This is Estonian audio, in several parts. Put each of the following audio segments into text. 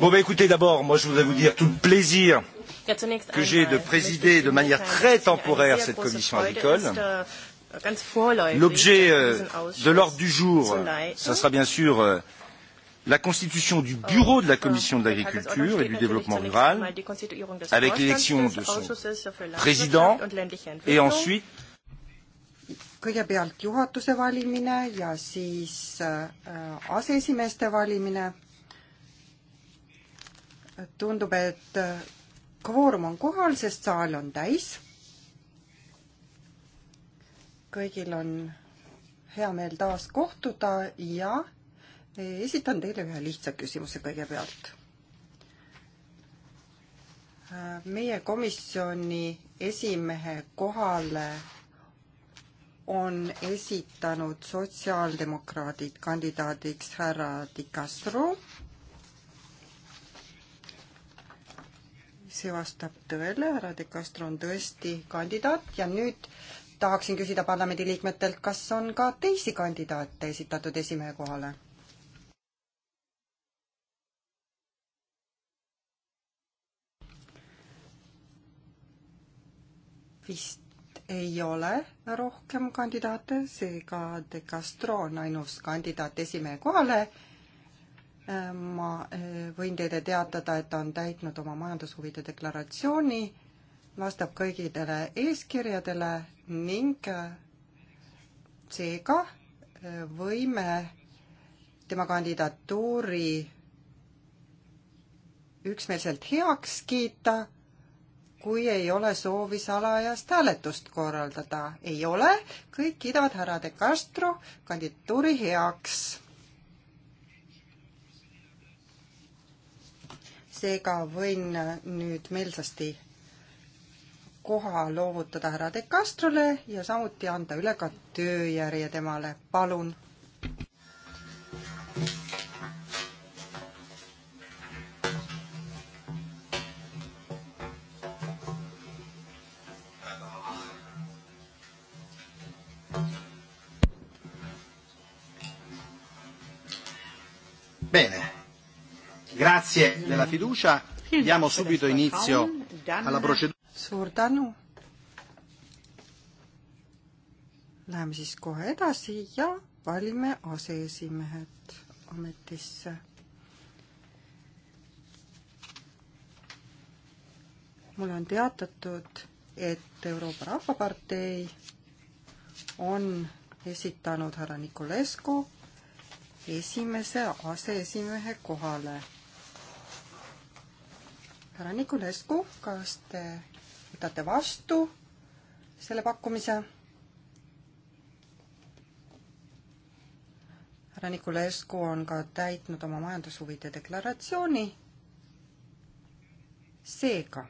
Bon, bah, écoutez, d'abord, moi, je voudrais vous dire tout le plaisir que j'ai euh, de présider de manière très temporaire cette commission agricole. L'objet äh, euh, de l'ordre du jour, euh, ça sera bien sûr la constitution du bureau de la commission de l'agriculture et du développement rural, avec l'élection de son président, et ensuite kõigepealt juhatuse valimine ja siis äh, äh, aseesimeeste valimine tundub, et äh, kvoorum on kohal, sest saal on täis. kõigil on hea meel taas kohtuda ja äh, esitan teile ühe lihtsa küsimuse kõigepealt. Äh, meie komisjoni esimehe kohale on esitanud sotsiaaldemokraadid kandidaadiks härra Di Castro see vastab tõele, härra De Castro on tõesti kandidaat ja nüüd tahaksin küsida parlamendiliikmetelt, kas on ka teisi kandidaate esitatud esimehe kohale? vist ei ole rohkem kandidaate, seega De Castro on ainus kandidaat esimehe kohale ma eh, võin teile teatada, et ta on täitnud oma majandushuvide deklaratsiooni, vastab kõigidele eeskirjadele ning eh, seega eh, võime tema kandidatuuri üksmeelselt heaks kiita, kui ei ole soovi salajast hääletust korraldada. ei ole, kõik kiidavad härra De Castro kandidatuuri heaks seega võin nüüd meelsasti koha loovutada härra De Castrole ja samuti anda üle ka tööjärje temale, palun. Bene, grazie della fiducia. Diamo subito inizio alla procedura. suur tänu. Läheme siis kohe edasi ja valime aseesimehed ametisse. mulle on teatatud, et Euroopa Rahvapartei on esitanud härra Nikolesku esimese aseesimehe kohale härra Nikolescu, kas te võtate vastu selle pakkumise? härra Nikolescu on ka täitnud oma majandushuvide deklaratsiooni. seega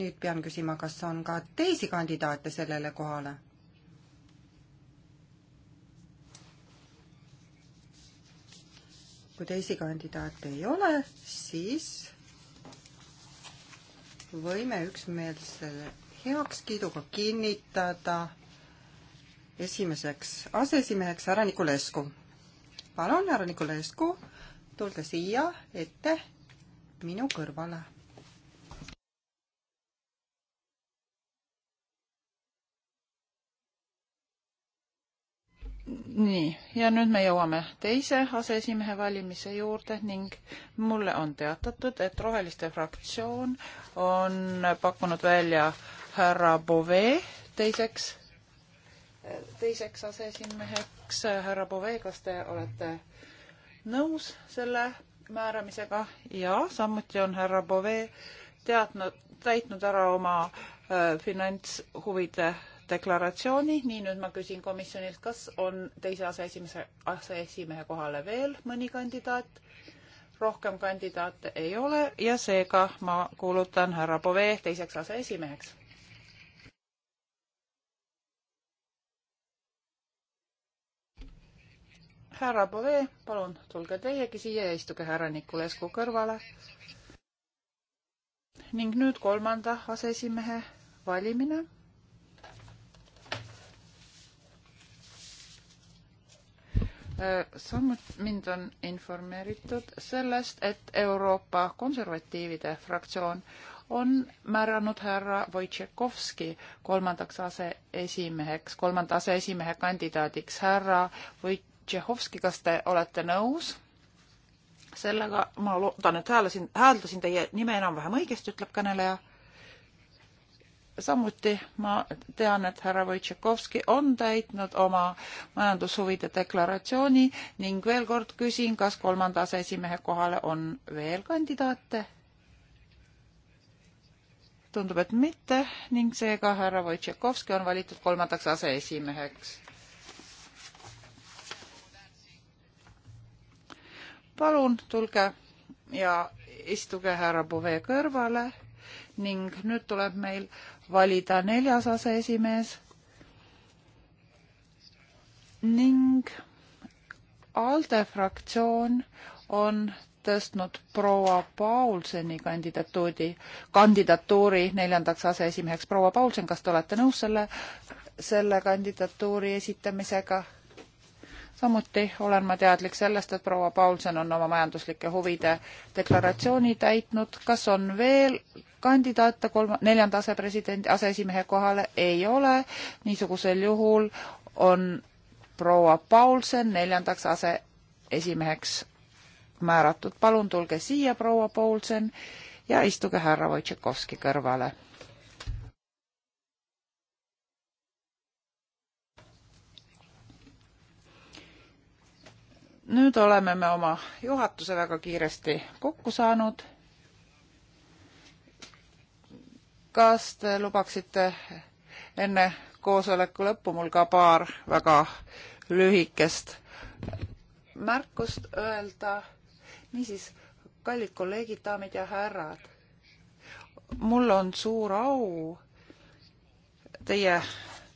nüüd pean küsima, kas on ka teisi kandidaate sellele kohale kui teisi kandidaate ei ole, siis võime üksmeelsele heakskiiduga kinnitada esimeseks aseesimeheks härra Nikolescu. palun, härra Nikolescu, tulge siia ette minu kõrvale nii, ja nüüd me jõuame teise aseesimehe valimise juurde ning mulle on teatatud, et Roheliste fraktsioon on pakkunud välja härra Bove teiseks, teiseks aseesimeheks. härra Bove, kas te olete nõus selle määramisega? ja samuti on härra Bove teadnud, täitnud ära oma äh, finantshuvide deklaratsiooni, nii nüüd ma küsin komisjonilt, kas on teise aseesimese, aseesimehe kohale veel mõni kandidaat? rohkem kandidaate ei ole ja seega ma kuulutan härra Povee teiseks aseesimeheks härra Bove, palun tulge teiegi siia ja istuge härra Nikulescu kõrvale. ning nüüd kolmanda aseesimehe valimine Äh, samuti mind on informeeritud sellest, et Euroopa konservatiivide fraktsioon on määranud härra Wojciechowski kolmandaks aseesimeheks, kolmanda aseesimehe kandidaadiks. härra Wojciechowski, kas te olete nõus? sellega ma loodan, et hääldasin, hääldasin teie nime enam-vähem õigesti, ütleb kõneleja samuti ma tean, et härra Wojtšakovski on täitnud oma majandushuvide deklaratsiooni ning veel kord küsin, kas kolmanda aseesimehe kohale on veel kandidaate? tundub, et mitte ning seega härra Wojtšakovski on valitud kolmandaks aseesimeheks. palun tulge ja istuge härra Bouvet kõrvale ning nüüd tuleb meil valida neljas aseesimees ning ALDE fraktsioon on tõstnud proua Paulseni kandidatuudi, kandidatuuri neljandaks aseesimeheks. proua Paulsen, kas te olete nõus selle, selle kandidatuuri esitamisega? samuti olen ma teadlik sellest, et proua Paulsen on oma majanduslike huvide deklaratsiooni täitnud. kas on veel kandidaate kolm-, neljanda asepresidendi, aseesimehe kohale ei ole, niisugusel juhul on proua Paulsen neljandaks aseesimeheks määratud. palun tulge siia, proua Paulsen, ja istuge härra Wojtšakovski kõrvale. nüüd oleme me oma juhatuse väga kiiresti kokku saanud kas te lubaksite enne koosoleku lõppu mul ka paar väga lühikest märkust öelda? niisiis, kallid kolleegid, daamid ja härrad, mul on suur au teie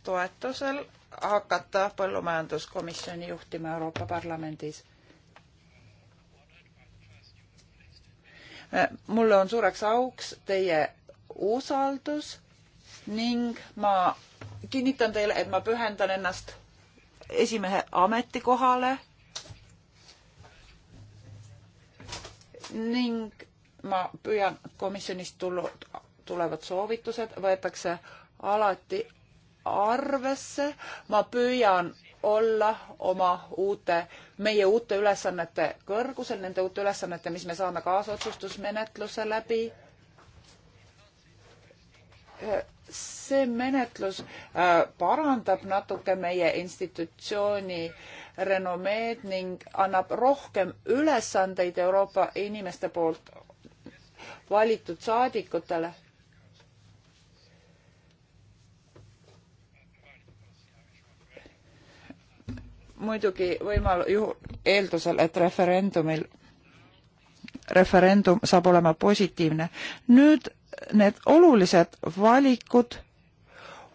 toetusel hakata põllumajanduskomisjoni juhtima Euroopa Parlamendis. mulle on suureks auks teie usaldus ning ma kinnitan teile, et ma pühendan ennast esimehe ametikohale ning ma püüan komisjonist tulnud, tulevad soovitused võetakse alati arvesse. ma püüan olla oma uute, meie uute ülesannete kõrgusel, nende uute ülesannete, mis me saame kaasotsustusmenetluse läbi see menetlus äh, parandab natuke meie institutsiooni renomeed ning annab rohkem ülesandeid Euroopa inimeste poolt valitud saadikutele. muidugi võimal-, juhul, eeldusel, et referendumil, referendum saab olema positiivne. nüüd need olulised valikud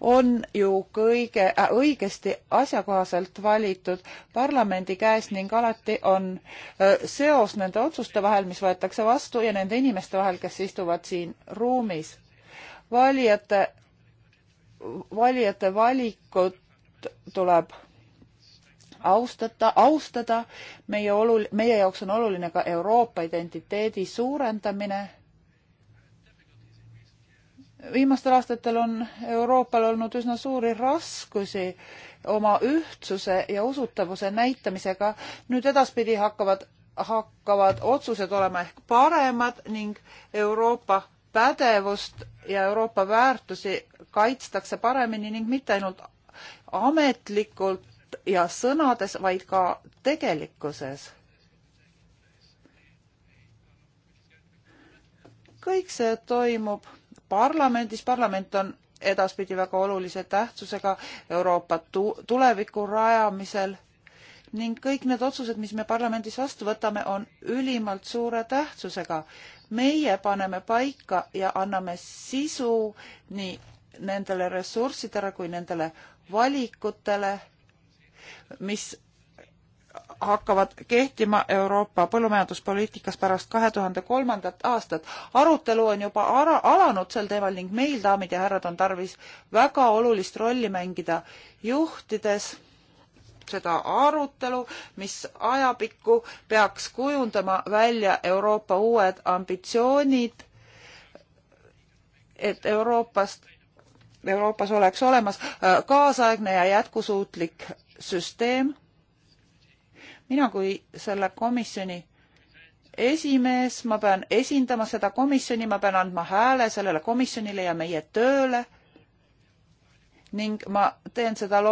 on ju kõige äh, õigesti asjakohaselt valitud parlamendi käes ning alati on äh, seos nende otsuste vahel, mis võetakse vastu ja nende inimeste vahel, kes istuvad siin ruumis. valijate, valijate valikut tuleb austada, austada, meie olul-, meie jaoks on oluline ka Euroopa identiteedi suurendamine viimastel aastatel on Euroopal olnud üsna suuri raskusi oma ühtsuse ja usutavuse näitamisega. nüüd edaspidi hakkavad, hakkavad otsused olema ehk paremad ning Euroopa pädevust ja Euroopa väärtusi kaitstakse paremini ning mitte ainult ametlikult ja sõnades, vaid ka tegelikkuses. kõik see toimub parlamendis, parlament on edaspidi väga olulise tähtsusega Euroopa tu tuleviku rajamisel ning kõik need otsused, mis me parlamendis vastu võtame, on ülimalt suure tähtsusega. meie paneme paika ja anname sisu nii nendele ressurssidele kui nendele valikutele, mis hakkavad kehtima Euroopa põllumajanduspoliitikas pärast kahe tuhande kolmandat aastat. arutelu on juba ara, alanud sel teemal ning meil, daamid ja härrad, on tarvis väga olulist rolli mängida, juhtides seda arutelu, mis ajapikku peaks kujundama välja Euroopa uued ambitsioonid, et Euroopast, Euroopas oleks olemas äh, kaasaegne ja jätkusuutlik süsteem mina kui selle komisjoni esimees, ma pean esindama seda komisjoni, ma pean andma hääle sellele komisjonile ja meie tööle ning ma teen seda